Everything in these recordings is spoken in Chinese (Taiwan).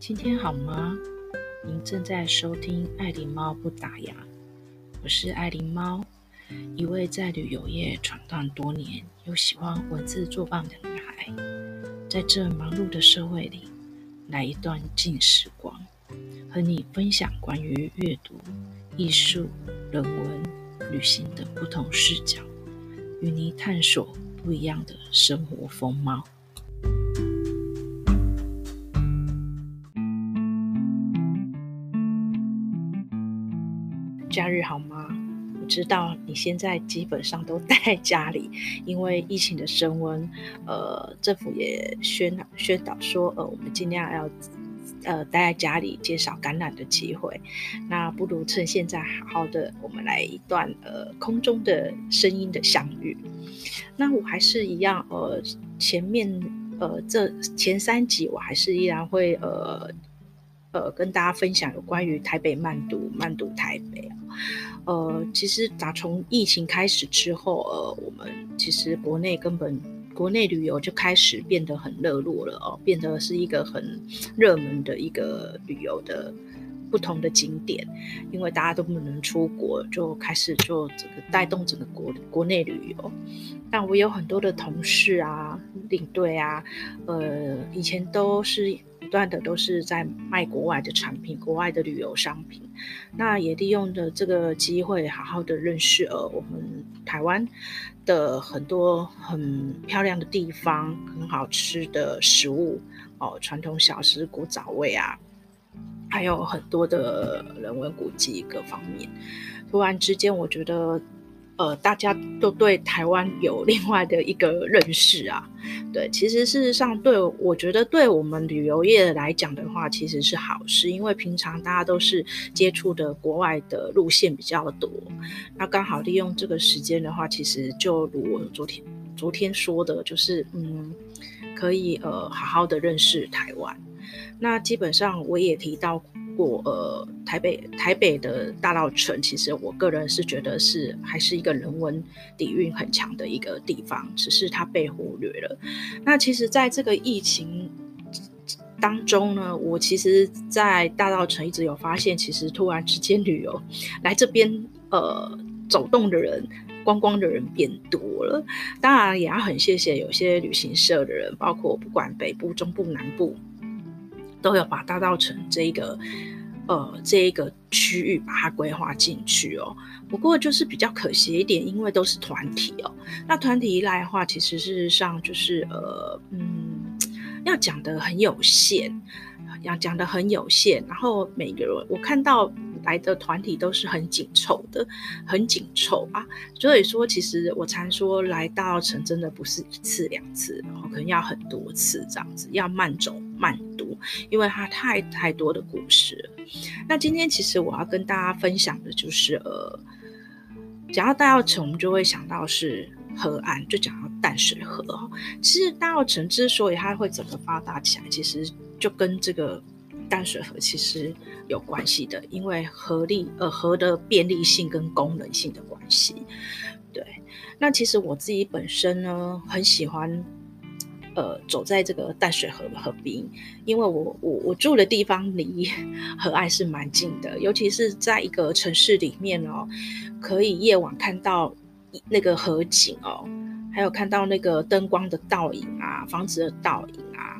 今天好嗎？您正在收聽愛狸貓不打烊，我是愛狸貓，一位在旅遊業闖蕩多年、又喜歡文字作伴的女孩。在這忙碌的社會裡，來一段靜時光，和你分享關於閱讀、藝術、人文、旅行等的不同視角，與你探索不一樣的生活風貌。假日好嗎？我知道你現在基本上都待在家裡，因為疫情的升溫，呃，政府也宣宣導說，呃，我們盡量要呃待在家裡，減少感染的機會。那不如趁現在好好的，我們來一段呃空中的聲音的相遇。那我還是一樣，呃，前面呃這前三集我還是依然會呃呃跟大家分享有關於台北漫讀、漫讀台北。呃，其實打從疫情開始之後，呃，我們其實國內根本國內旅遊就開始變得很熱絡了哦，變得是一個很熱門的一個旅遊的不同的景點，因為大家都不能出國，就開始做這個帶動整個國國內旅遊。但我有很多的同事啊，領隊啊，呃，以前都是。斷的都是在賣國外的產品、國外的旅遊商品，那也利用的這個機會，好好的認識了、哦、我們台灣的很多很漂亮的地方、很好吃的食物哦，傳統小吃、古早味啊，還有很多的人文古蹟各方面。突然之間，我覺得。呃，大家都對台灣有另外的一個認識啊，對，其實事實上對，對我覺得對我們旅遊業來講的話，其實是好事，因為平常大家都是接觸的國外的路線比較多，那剛好利用這個時間的話，其實就如我昨天昨天說的，就是嗯，可以呃好好的認識台灣，那基本上我也提到。過呃，台北台北的大稻埕，其實我個人是覺得是還是一個人文底蘊很強的一個地方，只是它被忽略了。那其實在這個疫情當中呢，我其實在大稻埕一直有發現，其實突然之間旅遊來這邊呃走動的人，觀光的人變多了。當然也要很謝謝有些旅行社的人，包括不管北部、中部、南部。都有把大稻埕這個，呃，這一個區域把它規劃進去哦。不過就是比較可惜一點，因為都是團體哦。那團體來的話，其實事實上就是呃，嗯，要講的很有限，要講的很有限。然後每個人我看到來的團體都是很緊湊的，很緊湊啊。所以說，其實我常說來大稻埕真的不是一次兩次，然後可能要很多次這樣子，要慢走，漫讀，因為它太太多的故事。那今天其實我要跟大家分享的就是，呃，講到大稻埕，我們就會想到是河岸，就講到淡水河。其實大稻埕之所以它會整個發達起來，其實就跟這個淡水河其實有關係的，因為河力，呃，河的便利性跟功能性的關係。對，那其實我自己本身呢，很喜歡。呃，走在這個淡水河河邊，因為我我我住的地方離河岸是蠻近的，尤其是在一個城市裡面哦，可以夜晚看到那個河景哦，還有看到那個燈光的倒影啊，房子的倒影啊。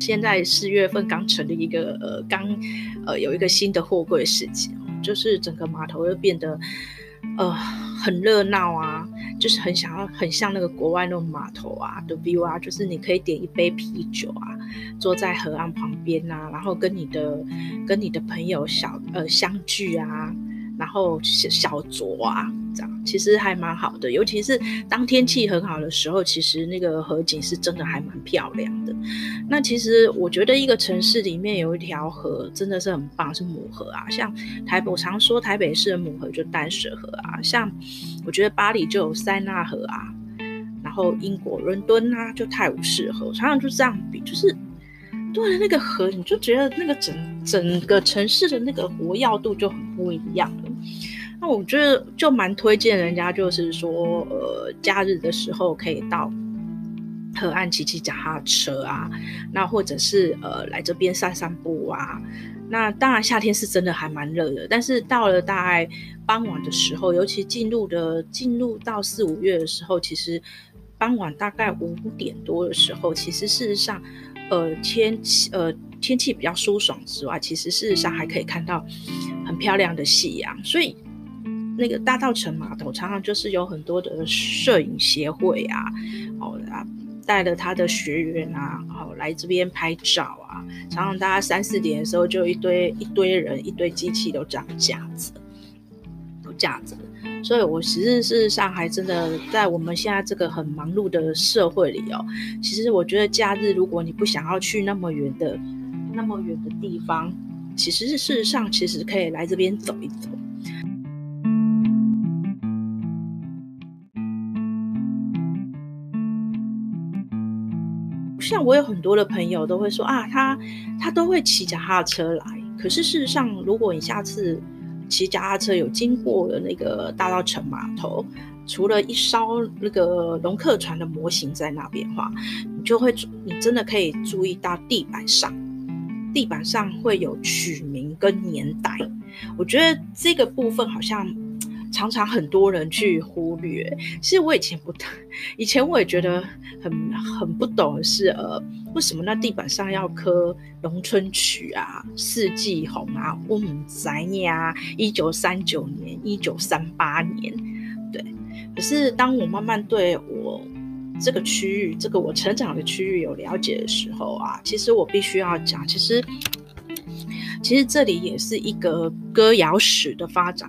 現在四月份剛成立一個呃，剛呃有一個新的貨櫃事情。就是整個碼頭又變得，呃，很熱鬧啊，就是很想要很像那個國外那種碼頭啊的 view 啊，就是你可以點一杯啤酒啊，坐在河岸旁邊吶，啊，然後跟你的跟你的朋友小呃相聚啊。然後小酌啊，這樣其實還蠻好的。尤其是當天氣很好的時候，其實那個河景是真的還蠻漂亮的。那其實我覺得一個城市裡面有一條河真的是很棒，是母河啊。像台，我常說台北市的母河就淡水河啊。像我覺得巴黎就有塞納河啊，然後英國倫敦啊就泰晤士河，我常常就這樣比就是。對，那個河你就覺得那個整整個城市的那個活躍度就很不一樣了。那我覺得就蠻推薦人家，就是說呃，假日的時候可以到河岸騎騎腳踏車啊，那或者是呃來這邊散散步啊。那當然夏天是真的還蠻熱的，但是到了大概傍晚的時候，尤其進入的進入到四五月的時候，其實傍晚大概五點多的時候，其實事實上。呃，天氣呃天氣比較舒爽之外，其實事實上還可以看到很漂亮的夕陽，所以那個大稻埕碼頭常常就是有很多的攝影協會啊，哦，啊，帶了他的學員啊，然、哦、來這邊拍照啊，常常大家三四點的時候就一堆一堆人一堆機器都這樣架着，都架着。所以，我其實事實上還真的在我們現在這個很忙碌的社會裡哦、喔。其實，我覺得假日如果你不想要去那麼遠的、那麼遠的地方，其實事實上其實可以來這邊走一走。像我有很多的朋友都會說啊，他他都會騎着他的車來。可是事實上，如果你下次。騎腳踏車有經過的那個大稻埕碼頭，除了一艘那個龍客船的模型在那邊的話，你就會你真的可以注意到地板上，地板上會有曲名跟年代。我覺得這個部分好像。常常很多人去忽略，其實我以前不太，以前我也覺得很很不懂的是，呃，為什麼那地板上要刻《農村曲》啊，《四季紅》啊，《們宅》呀，一九三九年、一九三八年，對。可是當我慢慢對我這個區域、這個我成長的區域有了解的時候啊，其實我必須要講，其實其實這裡也是一個歌謠史的發展。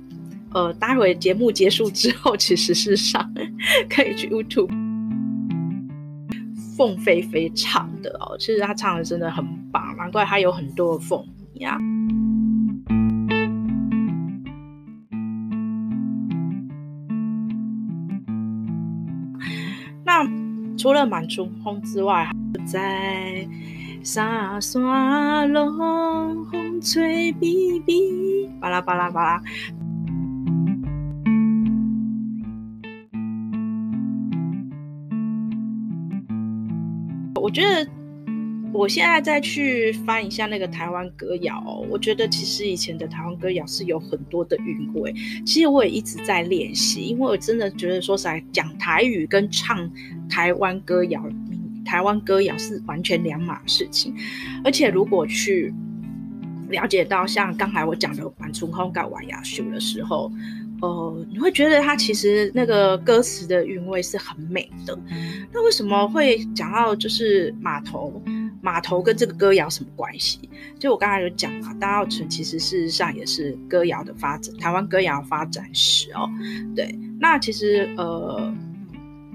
呃，待會節目結束之後，其實是上可以去 YouTube，鳳飛飛唱的哦，其實他唱的真的很棒，難怪他有很多鳳迷啊。那除了滿春風之外，還在沙沙弄風吹微微，巴拉巴拉巴拉。覺得我現在再去翻一下那個台灣歌謠，哦，我覺得其實以前的台灣歌謠是有很多的韻味。其實我也一直在練習，因為我真的覺得，說實在，講台語跟唱台灣歌謠，台灣歌謠是完全兩碼事情。而且如果去了解到像剛才我講的，玩純空亞、搞玩雅秀的時候。呃，你會覺得他其實那個歌詞的韻味是很美的。那為什麼會講到就是碼頭？碼頭跟這個歌謠什麼關係？就我剛才有講啊，大稻埕其實事實上也是歌謠的發展，台灣歌謠發展史哦。對，那其實呃，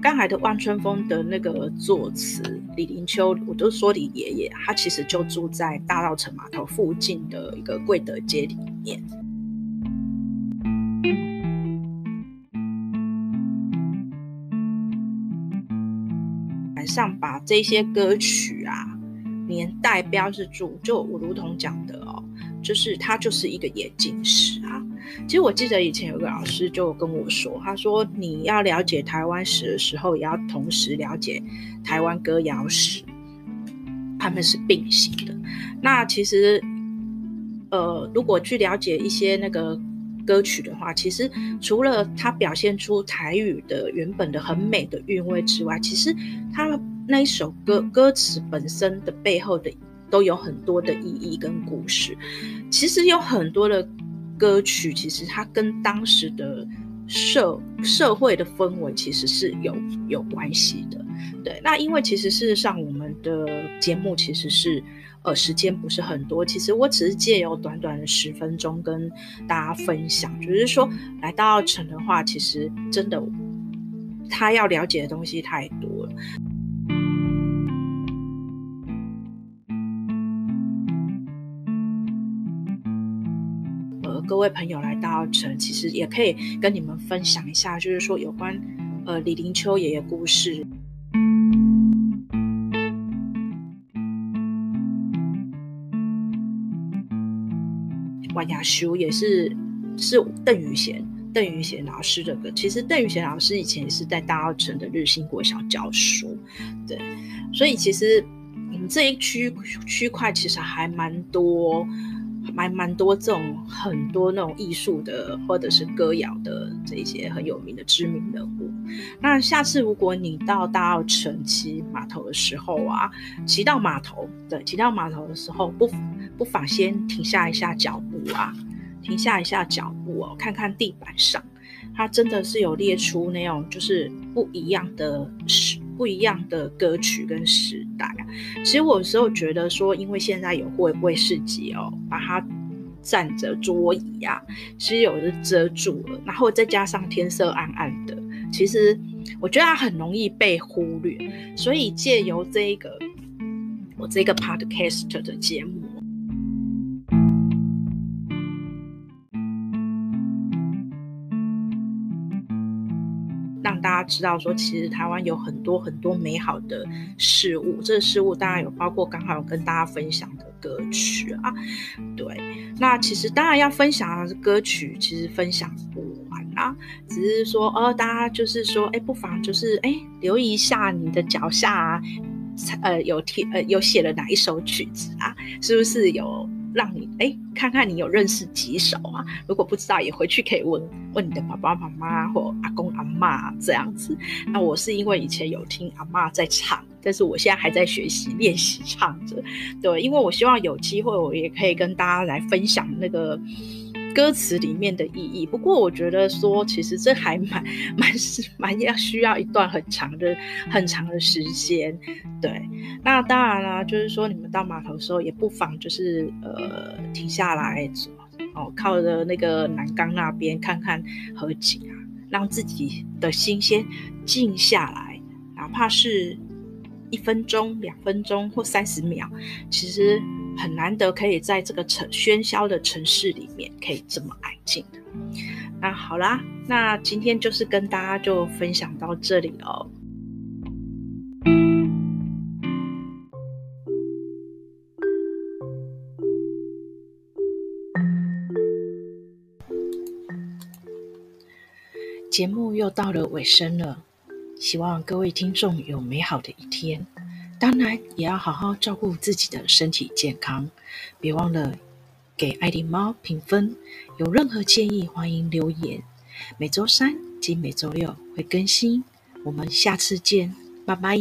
剛才的望春風的那個作詞李臨秋，我都說李爺爺，他其實就住在大稻埕碼頭附近的一個貴德街裡面。像把這些歌曲啊，年代標示住，就我如同講的哦，就是它就是一個演進史啊。其實我記得以前有個老師就跟我說，他說你要了解台灣史的時候，也要同時了解台灣歌謠史，他們是並行的。那其實，呃，如果去了解一些那個。歌曲的話，其實除了它表現出台語的原本的很美的韻味之外，其實它那一首歌歌詞本身的背後的都有很多的意義跟故事。其實有很多的歌曲，其實它跟當時的社社會的氛圍其實是有有關係的。對，那因為其實事實上我們的節目其實是。呃，時間不是很多，其實我只是借由短短的十分鐘跟大家分享，就是說來到稻埕的話，其實真的他要了解的東西太多了。呃，各位朋友來到稻埕，其實也可以跟你們分享一下，就是說有關呃李臨秋爺爺故事。萬家修也是是鄧雨賢鄧雨賢老師的歌。其實鄧雨賢老師以前也是在大稻埕的日新國小教書，對，所以其實嗯這一區區塊其實還蠻多，還蠻多這種很多那種藝術的或者是歌謠的這一些很有名的知名人物。那下次如果你到大稻埕騎碼頭的時候啊，騎到碼頭，對，騎到碼頭的時候不。不妨先停下一下腳步啊，停下一下腳步哦、啊，看看地板上，它真的是有列出那種就是不一樣的時，不一樣的歌曲跟時代啊。其實我有時候覺得說，因為現在有會電視機哦，把它佔着桌椅啊，其實有的遮住了，然後再加上天色暗暗的，其實我覺得它很容易被忽略。所以借由這一個我這個 podcast 的節目。他知道說，其實台灣有很多很多美好的事物，這個事物當然有包括剛好有跟大家分享的歌曲啊，對，那其實當然要分享的歌曲，其實分享不完啊，只是說哦，大家就是說，哎，不妨就是哎，留意一下你的腳下，呃，有提呃有寫了哪一首曲子啊，是不是有？讓你誒看看你有認識幾首啊？如果不知道也回去可以問問你的爸爸、媽媽或阿公、阿媽這樣子。那我是因為以前有聽阿媽在唱，但是我現在還在學習練習唱着。對，因為我希望有機會我也可以跟大家來分享那個。歌詞裡面的意義，不過我覺得說，其實這還蠻蠻是蠻要需要一段很長的很長的時間，對。那當然啦，就是說你們到碼頭的時候，也不妨就是呃停下來，哦靠着那個欄杆那邊看看河景啊，讓自己的心先靜下來，哪怕是一分鐘、兩分鐘或三十秒，其實。很難得可以在這個城喧囂的城市裡面，可以這麼安靜的。那好啦，那今天就是跟大家就分享到這裡哦。節目又到了尾聲了，希望各位聽眾有美好的一天。當然也要好好照顧自己的身體健康，別忘了給愛迪貓評分。有任何建議，歡迎留言。每周三及每周六會更新，我們下次見，拜拜。